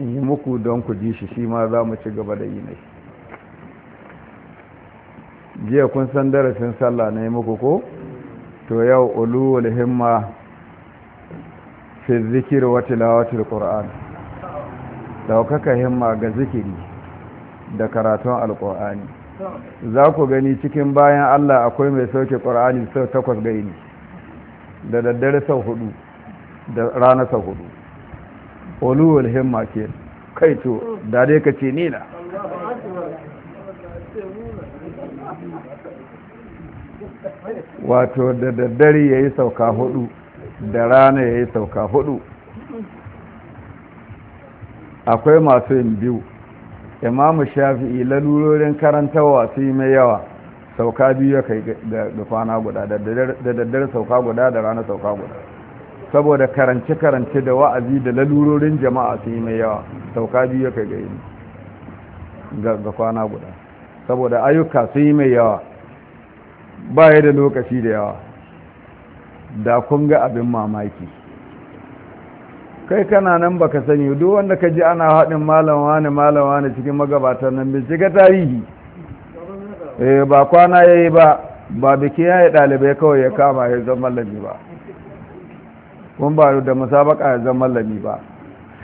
in yi muku don ku ji shi shi ma za mu ci gaba da yi ne jiya kun san darasin sallah na yi muku ko to yau uluwul himma fi zikir wa lawatar ƙoran ɗaukaka himma ga zikiri da karatun alqur'ani za ku gani cikin bayan Allah akwai mai sauke ƙorani sau takwas ga da daddare sau hudu da rana sau hudu uluwul himma ke kai to da dai ka ce nina wato da daddare ya yi sauka hudu da rana ya yi sauka hudu akwai masu yin biyu imamu shafi'i lalurorin karantarwa su yi mai yawa sauka biyu ya kai da kwana guda da daddare sauka guda da rana sauka guda saboda karance-karance da wa'azi da lalurorin jama'a sun yi mai yawa sauka biyu ya kai ga ga kwana guda saboda ayyuka sun yi mai yawa ya da lokaci da yawa da kun ga abin mamaki kai kana nan baka sani duk wanda ka ji ana haɗin malam wani malam wani cikin magabatar nan shiga tarihi eh, ba kwana ya yi ba ba biki ya yi ɗalibai kawai ya kama ya zama lami ba kun ba da musabaka ya zama lami ba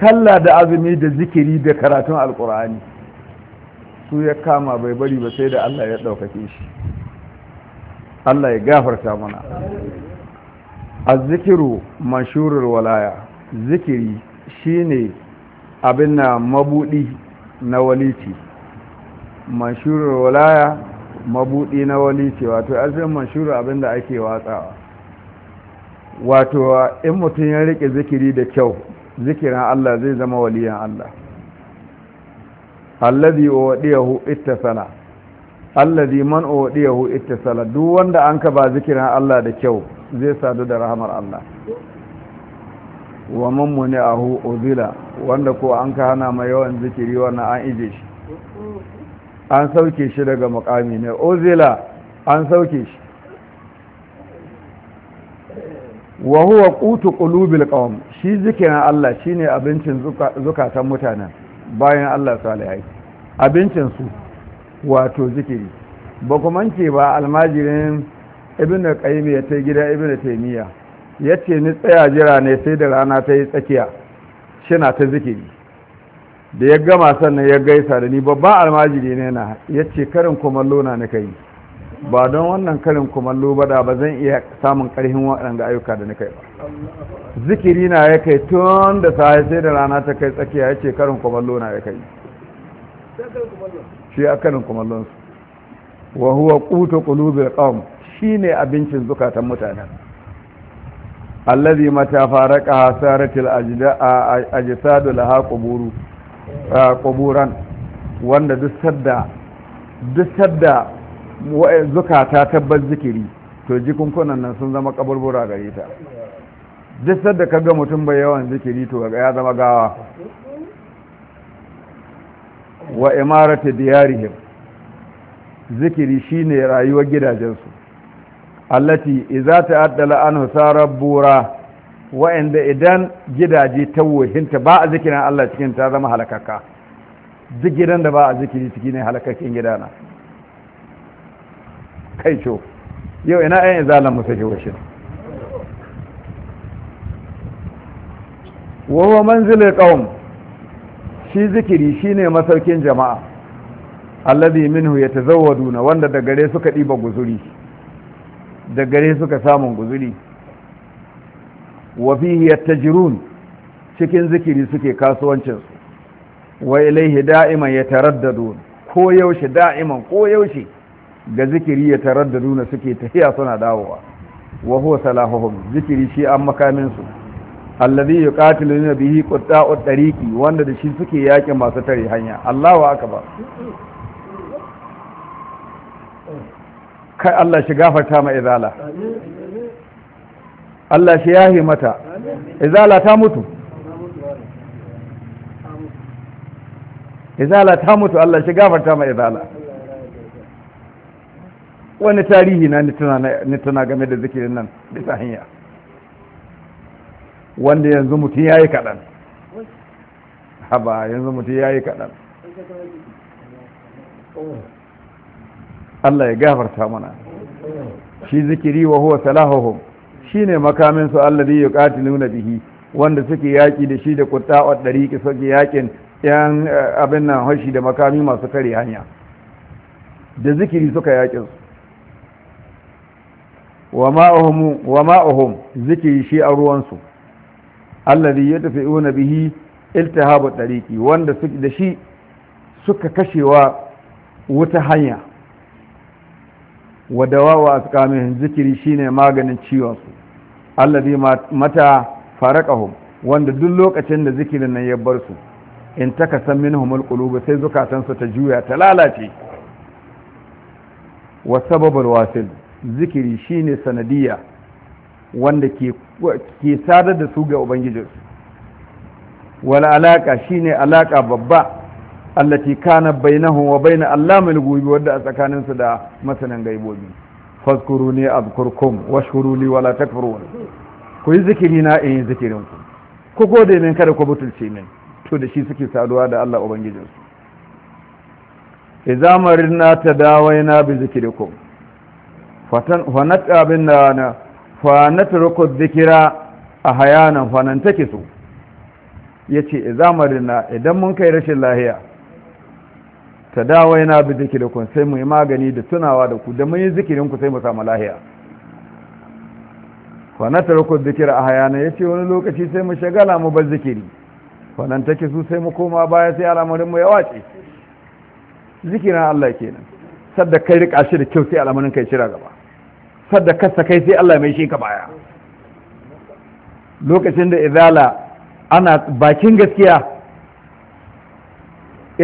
sallah da azumi da zikiri da karatun alkur'ani su ya kama bai bari ba sai da Allah ya ɗaukake shi Allah ya gafarta mana azzikiru mashurul walaya zikiri shine abin na mabudi na waliti mashurul walaya mabudi na waliti wato azin mashuru abin da ake watsawa wato in mutum ya rike zikiri da kyau zikirin Allah zai zama waliyan Allah allazi wadiyahu ittasala allazi man wadiyahu ittasala duk wanda an ka ba zikirin Allah da kyau zai sadu da rahamar Allah wa man muni'ahu uzila wanda ko an ka hana mai yawan zikiri wannan an ije shi an sauke shi daga mukami ne uzila an sauke shi wa huwa qutu qulubil shi zikirin Allah shine abincin zukatan mutanen bayan Allah salihai abincin su wato zikiri ba kuma ce ba almajirin ibn qayyim ya ta gida ibn taymiya yace ni tsaya jira ne sai da rana ta yi tsakiya shina ta zikiri da ya gama sannan ya gaisa da ni babban almajiri ne na yace karin kuma lona na kai ba don wannan karin kumallo ba da ba zan iya samun karhin waɗanda ayyuka da nake ba zikiri na ya kai tun da sai sai da rana ta kai tsakiya ya ce karin kumallo na ya kai shi a karin kumallonsu wa huwa qutu qulubil qawm shine abincin zukatan mutanen allazi mata faraka saratil ajsadu laha quburu quburan wanda duk sadda duk sadda zukata tabbas zikiri to jikunkunan nan sun zama kaburbura gare ta duk sadda ka ga mutum bai yawan zikiri to ya zama gawa wa imarata diyarihim zikiri shine rayuwar gidajensu allati ta ta'addala anhu sarabbura wa'anda idan gidaje tawahinta ba a zikirin Allah cikin ta zama halakaka duk gidan da ba a zikiri ciki ne halakakin gidana kai yau ina yan izalan musa ke washe wawa ƙaun shi zikiri shi ne masaukin jama'a allazi minhu ya tazawaduna wanda da gare suka ɗiba guzuri da gare suka samun guzuri wa fihi yattajirun cikin zikiri suke kasuwancinsu wa ilaihi da'iman yataraddadun ko yaushe da'iman ko yaushe ga zikiri ya tarar da nuna suke tafiya suna dawowa wa huwa salahuhum zikiri shi an makamin su allazi yuqatiluna bihi qutta'u tariqi wanda da shi suke yaƙi masu tare hanya Allahu akbar kai Allah shi gafarta ma izala Allah shi yahi mata izala ta mutu izala ta mutu Allah shi gafarta ma izala wani tarihi na ni tana game da zikirin nan bisa hanya wanda yanzu mutum ya yi kaɗan haba yanzu mutum ya yi kaɗan Allah ya gafarta mana shi zikiri wa huwa salahuhum shine makamin su Allah alladhi nuna bihi wanda suke yaki da shi da quta'u dariki suke yakin yan eh, abin nan hashi da makami masu kare hanya da zikiri suka yakin su wa ma'ahum zikiri shi a ruwansu allazi ya tafi una bihi iltihabu ɗariƙi wanda da shi suka kashewa wuta hanya wa dawawa asqamihim zikiri shine maganin ciwon su allazi mata faraqahum wanda duk lokacin da zikirin nan ya bar su in takasan minhumul qulub sai zukatan su ta juya ta lalace wa sababul wasil zikiri shine sanadiyya wanda ke sadar da su ga ubangijinsu wal alaka shine alaka babba allati kana bainahu wa baina allamil ghubi wanda a tsakanin su da masanan gaibobi fazkuruni azkurkum washkuruni wala takfurun ku yi zikiri na in yi zikirin ku ku gode min kada ku butulce min to da shi suke saduwa da Allah ubangijinsu idza marirna tadawaina bi zikrikum zikira a fanatruku dhikra ahyanan fanantakisu yace e, na idan mun kai rashin lahiya ta dawaina bi kun sai mu yi magani da tunawa da ku da mun yi zikirin ku sai mu samu lahiya fanatar ku zikira a hayana ya ce wani lokaci sai mu shagala mu bar zikiri Fanantake take su sai mu koma baya sai al'amarin mu ya wace zikirin Allah kenan sadda kai rika shi da kyau sai al'amarin kai shira gaba sadda kasa kai sai Allah mai shi ka baya lokacin da izala ana bakin gaskiya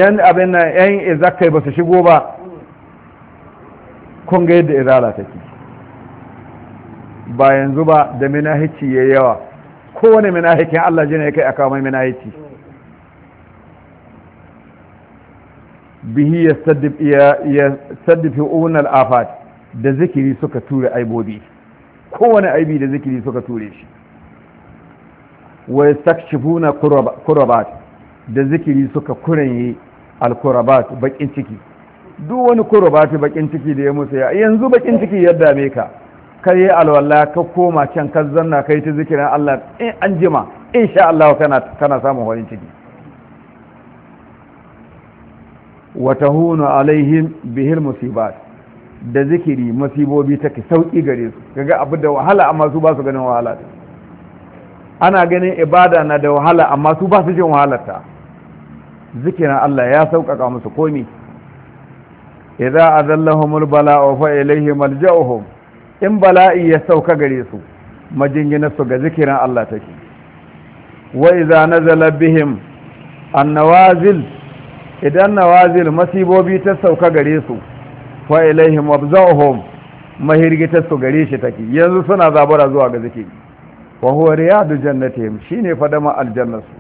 yan abin nan yan izakai ba su shigo ba kun ga yadda izala take ba yanzu ba da minahici ya yawa kowane minahicin Allah jina ya kai a kawo mai minahici bihi ya saddifi unar afat da zikiri suka ture aibobi kowane aibi da zikiri suka ture shi wa yastakshifuna kurabat da zikiri suka kuranye alkurabat bakin ciki duk wani kurabat bakin ciki da ya musu ya yanzu bakin ciki ya dame ka kai yi alwala ka koma can ka zanna kai ta zikirin Allah in an jima insha Allah kana kana samun horin ciki wa tahunu alaihim bihil musibat da zikiri masibobi take sauki gare su kaga abu da wahala amma su ba su ganin wahala ana ganin ibada na da wahala amma su ba su jin ta zikirin Allah ya sauƙaƙa musu komi idza azallahumul bala'u fa ilayhi malja'uhum in bala'i ya sauka gare su majinginar su ga zikirin Allah take wa idza nazala bihim annawazil idan nawazil masibobi ta sauka gare su fa ilaihi mabza'uhum mahirgitar su gare shi take yanzu suna zabara zuwa ga zikiri wa huwa riyadu jannatihim shine fadama aljannatu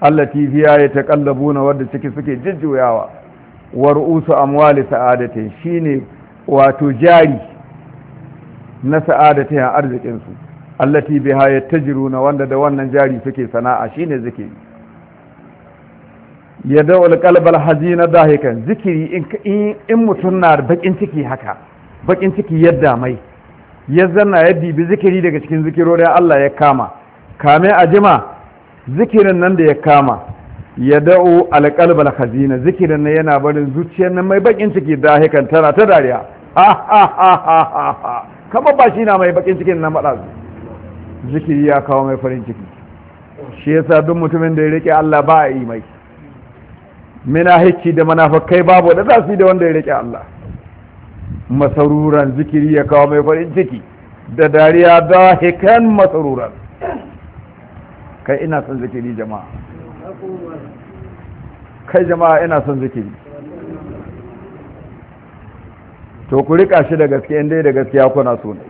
allati fiha yataqallabuna wadda ciki suke jijjuyawa wa ru'usu amwali sa'adati shine wato jari na sa'adati arzikin su allati biha yatajiruna wanda da wannan jari suke sana'a shine zikiri ya da alƙalbal haji na dahikan zikiri in mutum na bakin ciki haka bakin ciki yadda mai ya zanna ya dibi zikiri daga cikin da Allah ya kama kame a jima zikirin nan da ya kama ya da'u alƙalbal hazina zikirin nan yana barin zuciyar nan mai bakin ciki dahikan tana ta dariya kama ba shi na mai bakin cikin nan maɗa zikiri ya kawo mai farin ciki shi yasa duk mutumin da ya riƙe Allah ba a yi mai minahici da manafakai babu da za su yi da wanda ya riƙe Allah masaruran zikiri ya kawo mai farin ciki da dariya hikan masaruran kai ina son zikiri jama'a kai jama'a ina son zikiri to ku riƙa shi da gaske inda da gaskiya kuna so ne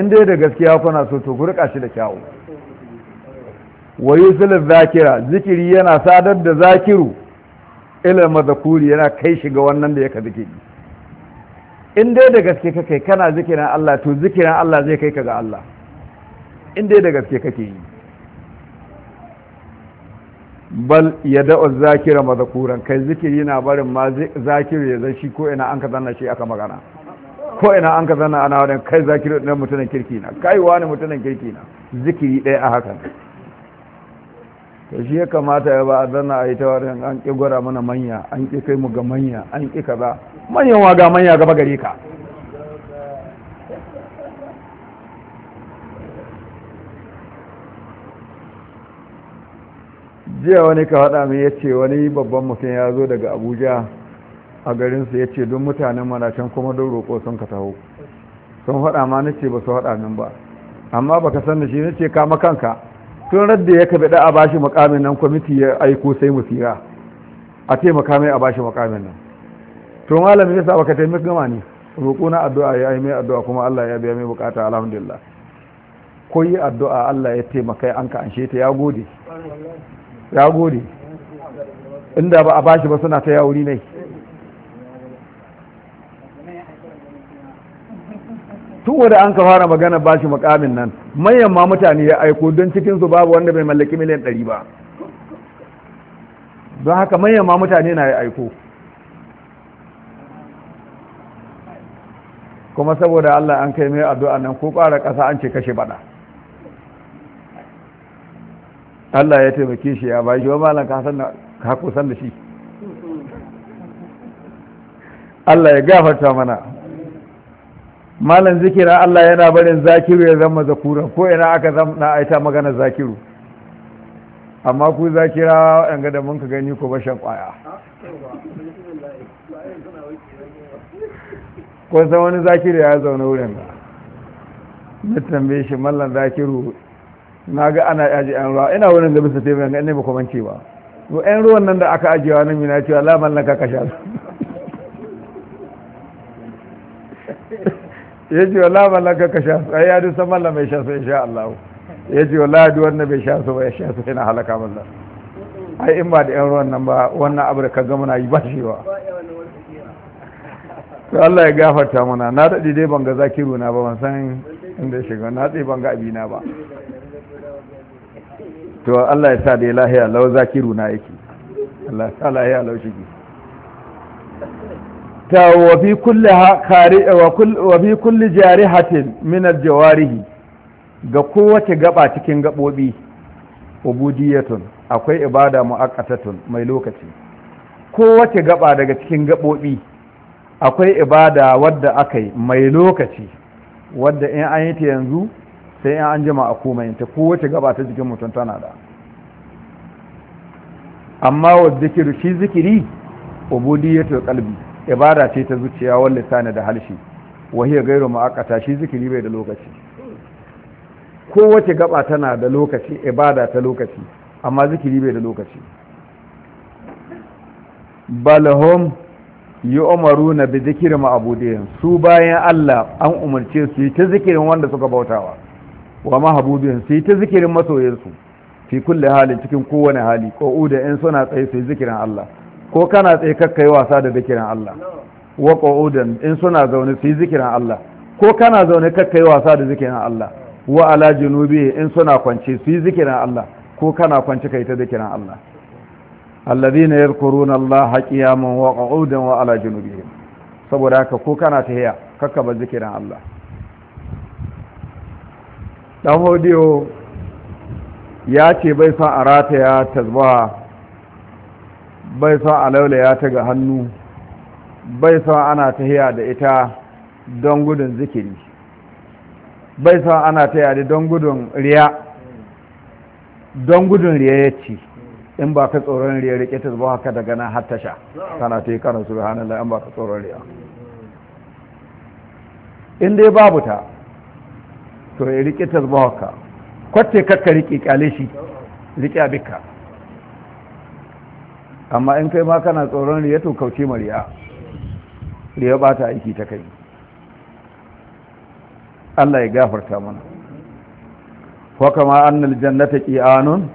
inda da gaskiya kuna so to ku riƙa shi da kyawu wa yusilu zakira zikiri yana sadar da zakiru ilal mazakuri yana kai shi ga wannan da yaka zikiri in dai da gaske kake kana zikirin Allah to zikirin Allah zai kai ka ga Allah in dai da gaske kake yi bal ya da'u zakira mazakuran kai zikiri na barin ma zakiru ya zai shi ko ina an ka zanna shi aka magana ko ina an ka zanna ana wadan kai zakiru ɗan mutunan kirki na kai wani mutunan kirki na zikiri ɗaya a hakan to shi ya kamata ya ba a zana a yi ta warin an ƙi gwara mana manya an ƙi kai mu ga manya an ƙi kaza manyan wa ga manya gaba gare ka jiya wani ka haɗa mai ya ce wani babban mutum ya zo daga abuja a garinsu ya ce don mutanen can kuma don roƙo sun ka taho sun haɗa ma na ce ba su haɗa min ba amma baka san da shi na ce kama kanka sun radda ya kabe da a bashi mukamin nan kwamiti ya aiko sai mu tsira a taimaka mai a bashi makamin nan to malami yasa baka taimaka gama ne roƙo na addu'a ya yi mai addu'a kuma Allah ya biya mai bukata alhamdulillah ko yi addu'a Allah ya taimaka an ka anshe ta ya gode ya gode inda ba a bashi ba suna ta yawuri nai. tun wanda an ka fara magana ba shi makamin nan manyan ma mutane ya aiko don cikin su babu wanda bai mallaki miliyan ɗari ba don haka manyan ma mutane na ya aiko kuma saboda Allah an kai mai addu'a nan ko ƙara ƙasa an ce kashe bada Allah ya taimake shi ya bai shi wa malam ka san ka da shi Allah ya gafarta mana malam zikira Allah yana barin zakiru ya zama zakuran ko ina aka zama aita magana zakiru amma ku zakira yan da mun ka gani ko bashan kwaya ko san wani zakiru ya zaune wurin da. na tambaye shi mallan zakiru na ga ana yaji yan ruwa ina wurin da bisa tebe ga ne ba kuma ce ba to yan ruwan nan da aka ajiyewa nan mina cewa la mallaka su. ya ce wala malaka ka sha su A ya dusa malla mai sha su insha Allah ya ce wala duk wannan bai sha su ba ya sha su yana halaka malla ai in ba da yan ruwan nan ba wannan abu da ka ga muna yi ba shi wa to Allah ya gafarta mana na daɗi dai ban ga zakiru na ba ban san inda shiga na tsaye ban ga abina ba to Allah ya sa dai lahiya lau zakiru na yake Allah ya sa lahiya lau shigi وفي كل وفي كل جارحة من الجوارح ga kowace gaba cikin gabobi ubudiyatun akwai ibada mu'aqqatatun mai lokaci kowace gaba daga cikin gabobi akwai ibada wadda akai mai lokaci wadda in an yi ta yanzu sai in an jima a komai ta kowace gaba ta cikin mutum tana da amma wa zikiru shi zikiri ubudiyatul qalbi ibada ce ta zuciya wal lisani da halshi wahiya gairu ma'akata shi zikiri bai da lokaci kowace gaba tana da lokaci ibada ta lokaci amma zikiri bai da lokaci balhum yi umaru na bi zikirin ma'abudiyan su bayan Allah an umarce su yi ta zikirin wanda suka bautawa wa mahabudiyan su yi ta zikirin masoyansu fi kulle halin cikin kowane hali ko uda in suna tsaye su yi zikirin Allah ko kana tsaye kakka yi wasa da zikirin Allah wa qu'udan in suna zaune fi zikirin Allah ko kana zaune kakka yi wasa da zikirin Allah wa ala junubi in suna kwance fi zikirin Allah ko kana kwance kai ta zikirin Allah alladhina yadhkuruna Allah qiyaman wa qu'udan wa ala junubihim saboda haka ko kana tahiya kakka ba zikirin Allah dan hodiyo ya ce bai san a rataya tasbaha bai sa a laulaya ta ga hannu bai sa ana ta hiya da ita don gudun zikiri bai sa ana ta da don gudun riya don gudun riya ya ce in ba ka tsoron riya rike ta zuwa haka daga nan har tasha kana ta yi karin su rahanar in ba ka tsoron riya in dai babu ta to ya rike ta zuwa haka kwace kakka rike kyale shi rike abika amma in kai ma kana tsoron riya to kauce ma riya riya ba aiki ta kai Allah ya gafarta mana ko kama annal jannata qi'anun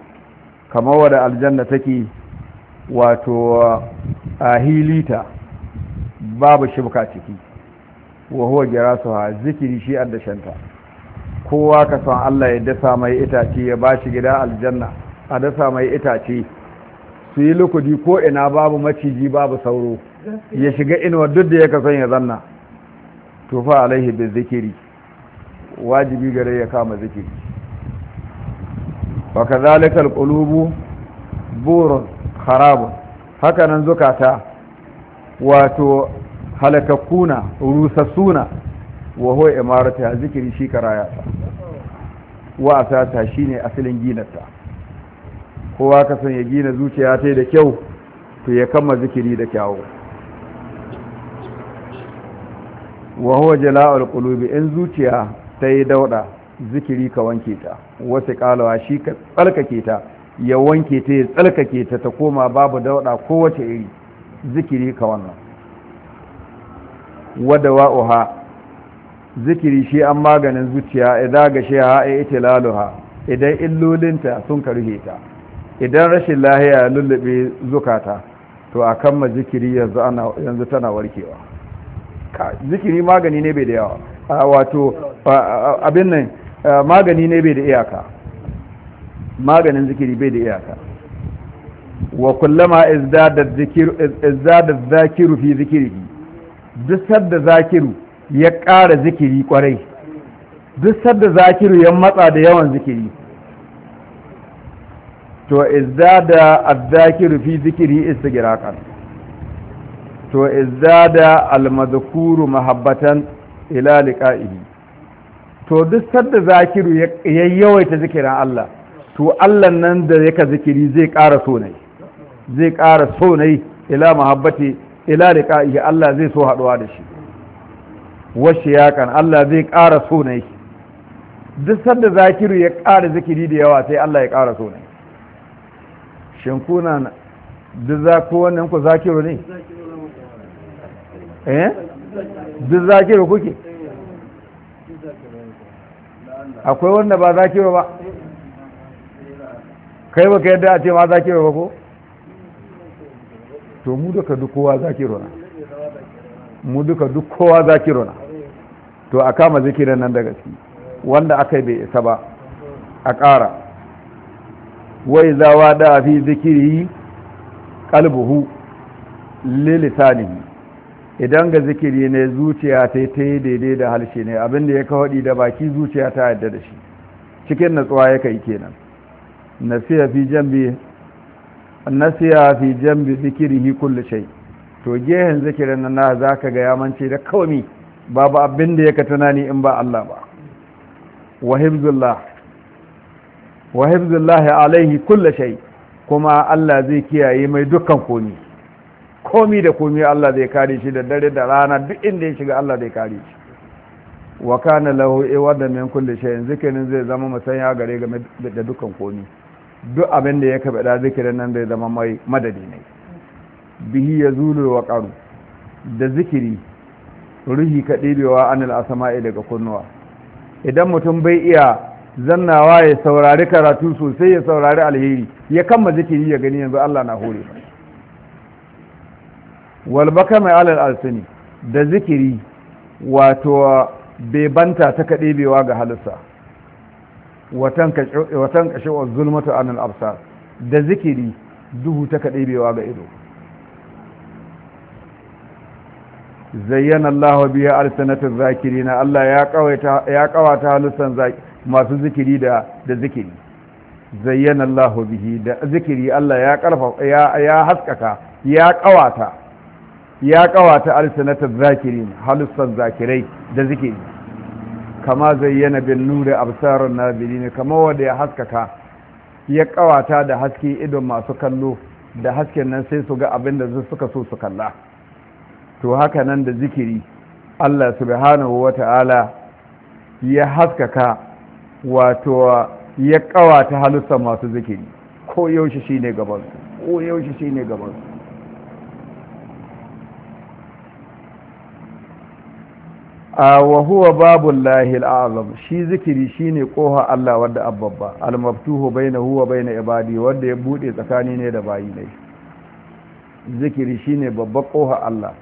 kama wada aljanna take wato a babu shibka ciki wa huwa ha zikiri shi addashanta kowa ka san Allah ya dasa mai itace ya bashi gida aljanna a dasa mai itace su yi lukudi ko ina babu maciji babu sauro ya shiga inuwa duk da ya kasan ya zanna tufa alaihi bin zikiri wajibi gare ya kama zikiri wa kazalika alqulubu burin kharabun haka nan zukata wato halakakkuna rusassuna wa huwa imarata zikiri shi karaya wa asata shine asalin ginarta kowa ka san ya gina zuciya ta da kyau to ya kama zikiri da kyawu wa huwa jala'ul qulubi in zuciya ta yi dauda zikiri ka wanke ta wasu kalawa shi ka tsalkake ta ya wanke ta ya tsalkake ta ta koma babu dauda kowace iri zikiri ka wannan wada wa'uha zikiri shi an maganin zuciya idan ga shi ha itilaluha idan illolinta sun karhe ta idan rashin lahiya ya lullube zukata to a kan zikiri yanzu tana warkewa zikiri magani ne bai da yawa wato abin nan magani ne bai da iyaka maganin zikiri bai da iyaka wa kullama izdada zakiru fi zikiri duk sadda zakiru ya ƙara zikiri kwarai duk sadda zakiru ya matsa da yawan zikiri to izada adh fi dhikri istigraqan to izada almadhkuru mahabbatan ila liqa'ihi to duk sadda zakiru ya yawaita zikirin Allah to Allah nan da yaka zikiri zai ƙara so ne zai ƙara so ne ila mahabbati ila liqa'ihi Allah zai so haduwa da shi yakan Allah zai ƙara so ne duk sadda zakiru ya ƙara zikiri da yawa sai Allah ya ƙara so ne shin kuna duk za ku wannan ku zakiru ne eh duk zakiru kuke akwai wanda ba zakiru ba kai ba ka yadda a ce ma zakiru ba ko to mu duka duk kowa zakiru na mu duka duk kowa zakiru na to a kama zikirin nan da gaske wanda aka yi bai isa ba a ƙara wai zawa da fi zikiri kalbuhu lilisanihi idan ga zikiri ne zuciya ta ta yi daidai da halshe ne abinda ya kawaɗi da baki zuciya ta yadda da shi cikin natsuwa ya kai kenan nasiya fi jambi nasiya fi jambi zikirihi kullu shay to gehen zikirin nan za ka ga yamanci da kawami babu abin da yake tunani in ba Allah ba wa hibzullah wa hifzillahi alaihi kulla shay kuma Allah zai kiyaye mai dukkan komi komi da komi Allah zai kare shi da dare da rana duk inda ya shiga Allah zai kare shi wa kana lahu iwada min kulli shay'in zikirin zai zama musanya gare game da dukkan komi duk abin da ya da zikirin nan zai zama mai madadi ne bihi yazulu wa qaru da zikiri ruhi ka anil asama'i daga kunnuwa idan mutum bai iya zannawa ya saurari karatu sosai ya saurari alheri ya kama zikiri ya gani yanzu Allah na hore walbaka mai alal alsini da zikiri wato bebanta ta kaɗebewa ga halitta watan kashe wa zulmatu anil absar da zikiri duhu ta kaɗebewa ga ido zayyana Allah biya alsanatin zakirina Allah ya kawata halittar zakirina masu zikiri da da zikiri zayyana Allah bihi da zikiri Allah ya karfa ya haskaka ya kawata ya kawata alsanata zakirin halussan zakirai da zikiri kama zayyana bin nuri absarun nabilin kama wanda ya haskaka ya kawata da haske idon masu kallo da hasken nan sai su ga abin da suka so su kalla to haka nan da zikiri Allah subhanahu wa ta'ala ya haskaka wato ya ta halitta masu zikiri ko yaushe shi ne gabansu ko yaushe shi ne gabansu a wahuwa babu lahil azam shi zikiri shi ne ƙoha Allah wadda abbabba almabtuhu bai na huwa bai na ibadi wadda ya buɗe tsakani ne da bayi ne zikiri shi ne babba ƙoha Allah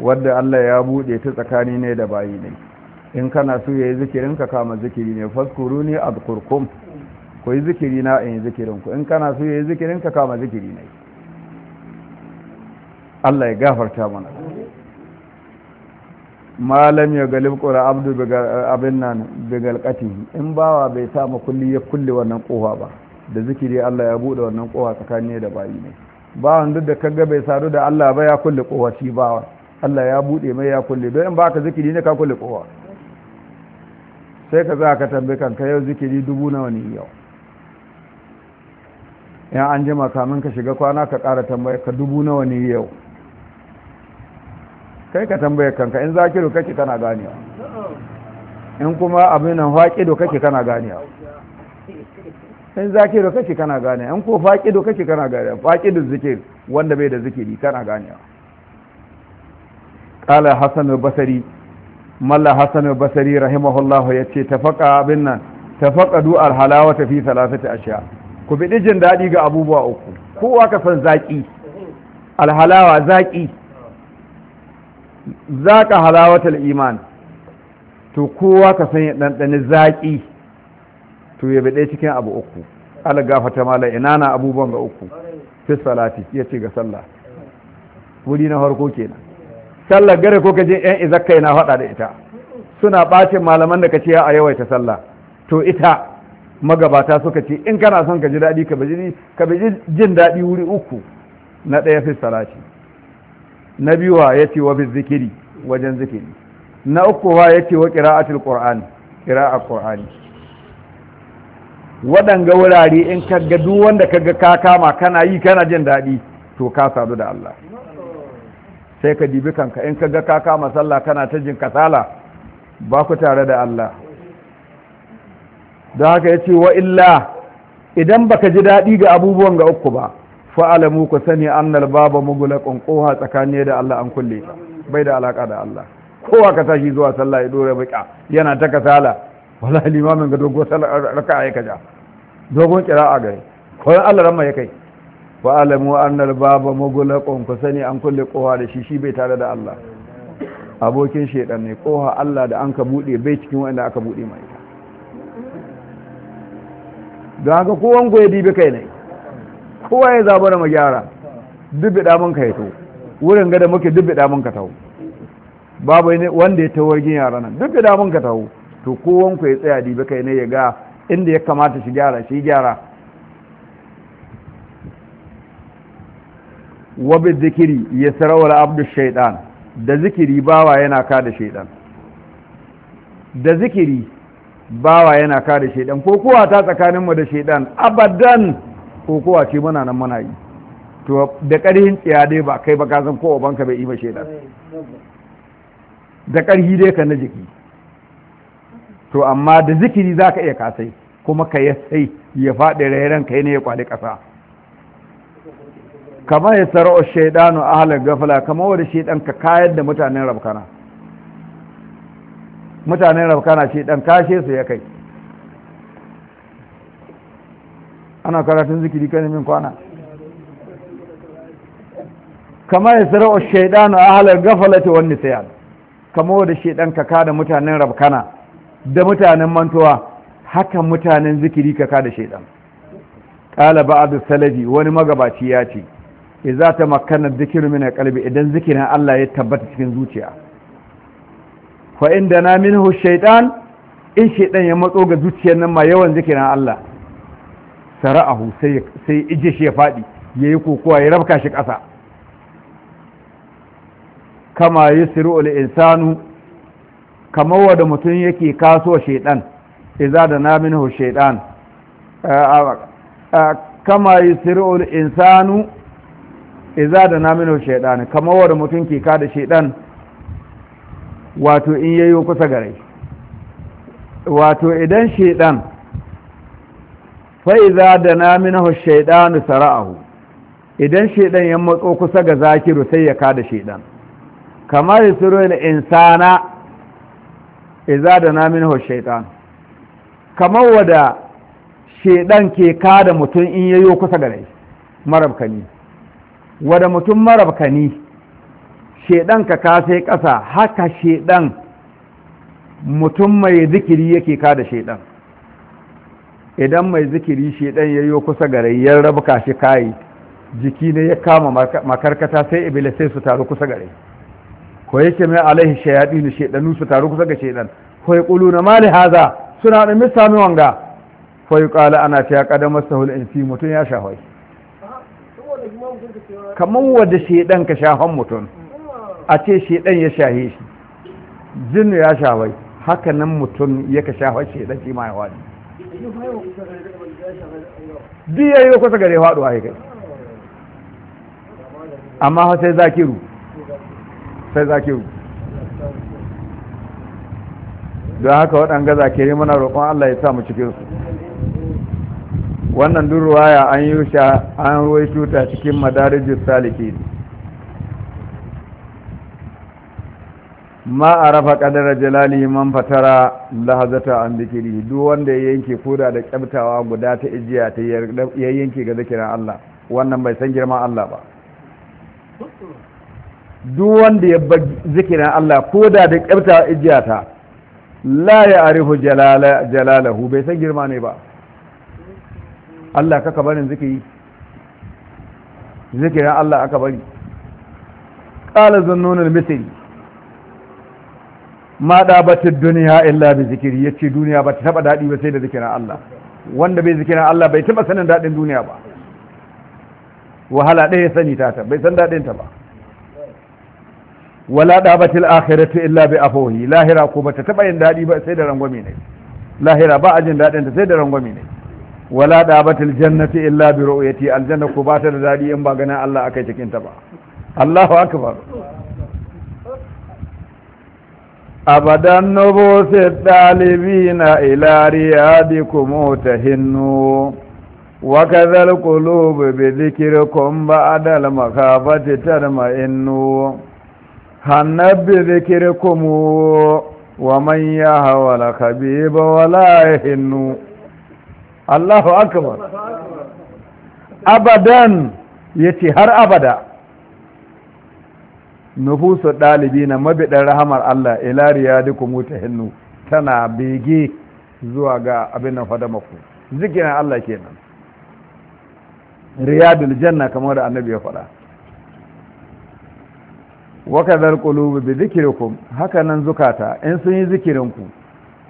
wadda Allah ya buɗe ta tsakani ne da bayi ne in kana so yayi zikirin ka kama zikiri ne fazkuruni adkurkum ku yi zikiri na in yi zikirin ku in kana so yayi zikirin ka kama zikiri ne Allah ya gafarta mana malam ya galib qura abdu abin nan bigalqati in bawa bai sa ma kulli ya kulle wannan kofa ba da zikiri Allah ya bude wannan kofa tsakani da bayi ne bawan duk da kaga bai sadu da Allah ba ya kulli kofa shi bawa Allah ya bude mai ya kulli don in baka zikiri ne ka kulli kofa sai ka za ka tambi kanka yau zikiri dubu nawa ne yau yan an jima kamin ka shiga kwana ka ƙara tambaya ka dubu nawa ne yau kai ka tambaya kanka in zakiru kake kana ganiya in kuma abin nan faƙido kake kana ganiya in zakiru kake kana ganiya in ko faƙido kake kana ganewa faƙido zikir wanda bai da zikiri kana ganiya ƙala Hassan al Basari. malla hasan basari rahimahullahu ya ce tafaka abin nan tafaka du'ar halawa ta fi talatata ashiya ku bi jin daɗi ga abubuwa uku kowa ka san zaƙi alhalawa zaƙi zaƙa halawatal iman to kowa ka san ya ɗanɗani zaƙi to ya ɗaya cikin abu uku algafa ta mala ina na abubuwan ga uku fi salati ya ce ga sallah wuri na harko kenan sallar gare ko kaje yan izakkai na faɗa da ita suna ɓacin malaman da kace a yawaita sallah to ita magabata suka ce in kana son ka ji daɗi ka bi ka bi jin daɗi wuri uku na ɗaya fi salati na biyu wa ce wa bi zikiri wajen zikiri na uku wa ya ce wa ƙira'atul qur'an ƙira'a qur'ani waɗanga wurare in ga duk wanda ga ka kama kana yi kana jin daɗi to ka sadu da Allah sai ka dibi kanka in ka ga ka kama sallah kana ta jin kasala ba ku tare da Allah don haka ya ce wa illa idan baka ji daɗi ga abubuwan ga uku ba fa'alamu ku sani annal baba mugulakon kowa tsakaniye da Allah an kulle ta bai da alaƙa da Allah kowa ka tashi zuwa sallah ya dore baka yana ta kasala wala limamin ga dogon sallah raka ya kaja dogon kira'a gari ko Allah ramma ya kai wa alamu annal baba mughlaqun ku sani an kulle kowa da shi shi bai tare da Allah abokin shedan ne kowa Allah da an ka bude bai cikin wanda aka bude mai ita don haka kowan ku ya dibi kai ne kowa ya zaba da magyara da mun kai to wurin ga da muke da mun ka tawo babu ne wanda ya tawargin yaran nan da mun ka tawo to kowan ku ya tsaya dibe kai ne ya ga inda ya kamata shi gyara shi gyara wa bi zikiri yasrawal abdu shaytan da zikiri bawa yana ka da shaytan da zikiri bawa yana ka da shaidan ko kowa ta tsakanin mu da shaidan abadan ko kowa ce muna nan muna yi to da ƙarhin tsiya dai ba kai ba ka san ko banka bai yi ba shaidan da ƙarhi dai ka na jiki to amma da zikiri za ka iya kasai kuma ka yi sai ya faɗi rairan kai ne ya kwali ƙasa kama ya tsaro shaidanu halar gafala kama wadda shaidan ka kayar da mutanen rabkana mutanen rabkana shaidan kashe su ya kai ana karatun zikiri kan min kwana kama ya tsaro shaidanu halar gafala ta wani sayan kama wani shaidan ka kada mutanen rabkana da mutanen mantuwa haka mutanen zikiri ka kada shaidan ƙala ba'adu salabi wani magabaci ya ce ta tamakkana dhikru min qalbi idan zikirin Allah ya tabbata cikin zuciya fa inda na minhu shaytan in shaytan ya matso ga zuciyar nan ma yawan zikirin Allah sara'ahu sai sai ije shi ya fadi yayi kokowa ya rabka shi ƙasa kama yusru al insanu kamar wanda mutum yake kaso shaytan iza da na minhu shaytan kama yusru al insanu iza da naminu shaidan kamar wanda mutum ke ka da shaidan wato in yayo kusa gare wato idan shaidan fa iza da naminu shaidan sara'ahu idan shaidan ya matso kusa ga zakiru sai ya da shaidan kamar yusrul insana iza da naminu shaidan kamar wada shaidan ke ka da mutum in yayo kusa gare marabkani wada mutum marabka ni, shedan ka sai kasa haka shedan mutum mai zikiri yake kada shedan idan mai zikiri shedan ya yi kusa gare ya rabuka shi kayi jiki ne ya kama makarkata sai iblis sai su taru kusa gare ko yake mai alaihi shayaɗi ne shaɗanu su taru kusa ga shaɗan ko ya ƙulu na mali haza suna da misami wanga ko ya ƙala ana ta ƙadamar sahul insi mutum ya shahwai kamar wadda shaidan ka shafan mutum a ce shaidan ya shahe shi jinnu ya shawai haka nan mutum ya ka shafa shaidan shi mai ya wani duk yayi kusa gare faɗuwa a haikai amma sai zakiru sai zakiru don haka waɗanga zakiri muna roƙon Allah ya sa mu cikinsu wannan duk ya an yi sha an ruwaito ta cikin madarijin saliki. ma a rafa kadar jalali man fatara lahazata an zikiri duk wanda ya yanke koda da kyabtawa guda ta ijiya ta ya yanke ga zikirin Allah wannan bai san girman Allah ba duk wanda ya bar zikirin Allah koda da kyabtawa ijiya ta la ya arifu jalalahu bai san girma ne ba Allah kaka barin zikiri zikirin Allah aka bari qala zannun al-misri ma da bata duniya illa bi zikiri ya ce duniya bata taɓa daɗi ba sai da zikirin Allah wanda bai zikirin Allah bai taɓa sanin dadin duniya ba wahala ɗaya ya sani ta ta bai san dadin ta ba wala da batil akhiratu illa bi afawi lahira ko bata taɓa yin dadi ba sai da rangwame ne lahira ba a jin dadin ta sai da rangwame ne wala da batil jannati illa bi ru'yati aljanna ko bata da dadi in ba gana Allah akai cikin ta ba Allahu akbar abadan nubusi dalibina ila riyadikum tahinnu wa kadhal qulub bi dhikrikum ba'da al makafati tarma innu bi dhikrikum wa man yahwa khabiba wa la yahinnu Allahu akbar abadan yace har abada nufusu ɗalibi na mabiɗan rahamar Allah ila duku mutu hinnu tana bege zuwa ga abin nan fadamaku zikirin Allah kenan riyadul janna kamar da annabi ya faɗa wakadar qulubu bi zikrikum haka nan zukata in sun yi zikirinku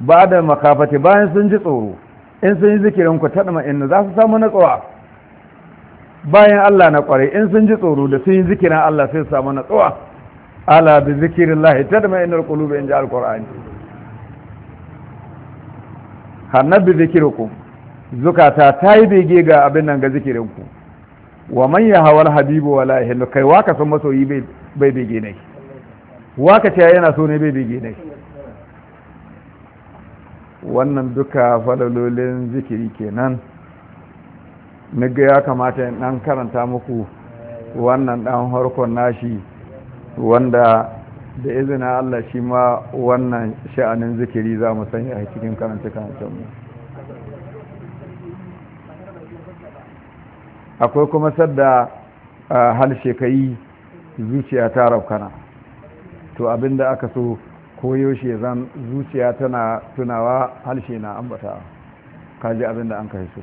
ba da makafati bayan sun ji tsoro in sun yi zikirin ku taɗa ma'inu za su samu natsuwa bayan Allah na ƙwarai in sun ji tsoro da sun yi zikirin Allah sai su samu natsuwa ala bi zikirin lahi taɗa ma'inu alƙulubi in ji alƙur'ani hannar bi ku zukata ta yi bege ga abin nan ga zikirinku wa man ya hawar habibu wa lahi kai waka sun masoyi bai bege ne waka ce yana so ne bai bege ne wannan duka falalolin zikiri kenan niga ya kamata in ɗan karanta muku wannan ɗan harkon nashi wanda da izina Allah shi ma wannan sha'anin zikiri za mu sanya a cikin karanta karantarmu akwai kuma sadda ah, hal shekayi zuciya ta rafkana to abinda aka so koyaushe zan zuciya tana tunawa halshe na ambata kaji abin da an kai so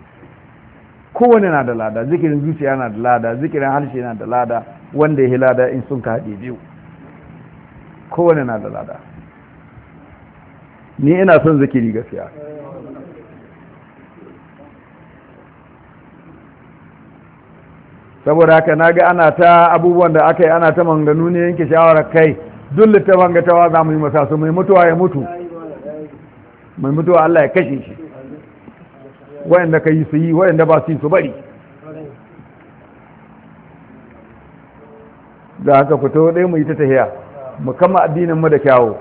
kowane na da lada zikirin zuciya na da lada zikirin halshe na da lada wanda ya yi lada in sun ka haɗe biyu kowane na da lada ni ina son zikiri gaskiya saboda haka na ga ana ta abubuwan da aka yi ana ta manganu ne yanke shawarar kai duk littafin tawa za mu yi masa su mai mutuwa ya mutu mai mutuwa Allah ya kashe shi wayanda ka yi su yi wayanda ba su yi su bari da haka fito ɗaya mu yi ta tahiya mu kama addinin mu da kyawu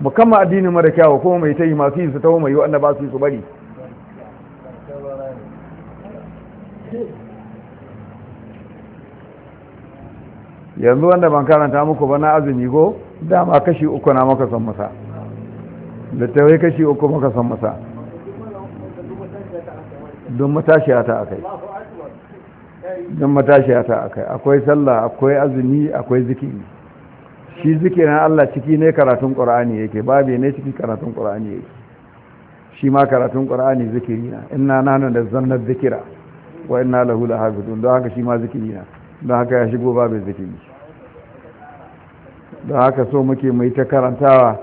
mu kama addinin mu da kyawu kuma mai ta yi masu yi su tawo mai wanda ba su yi su bari yanzu wanda ban karanta muku ba na azumi ko dama kashi uku na maka son masa wai kashi uku maka son masa don matashiya ta akai don matashiya ta akai akwai sallah akwai azumi akwai zikiri shi zikirin Allah ciki ne karatun ƙur'ani yake babu ne ciki karatun ƙur'ani yake shi ma karatun ƙur'ani zikiri na ina nanu da zannar zikira wa ina lahu lahazudun don haka shi ma zikiri na don haka ya shigo babu zikiri Da haka so muke mai ta karantawa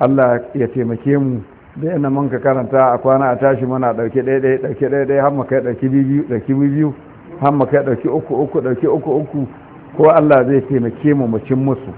allah ya taimake mu da yana mun ka karanta a kwana a tashi muna ɗauke ɗaya ɗaya ɗauke ɗaya ɗaya har mu kai ɗauki biyu ɗauki biyu har mu kai ɗauki uku uku ɗauki uku uku ko allah zai taimake mu mu cin musu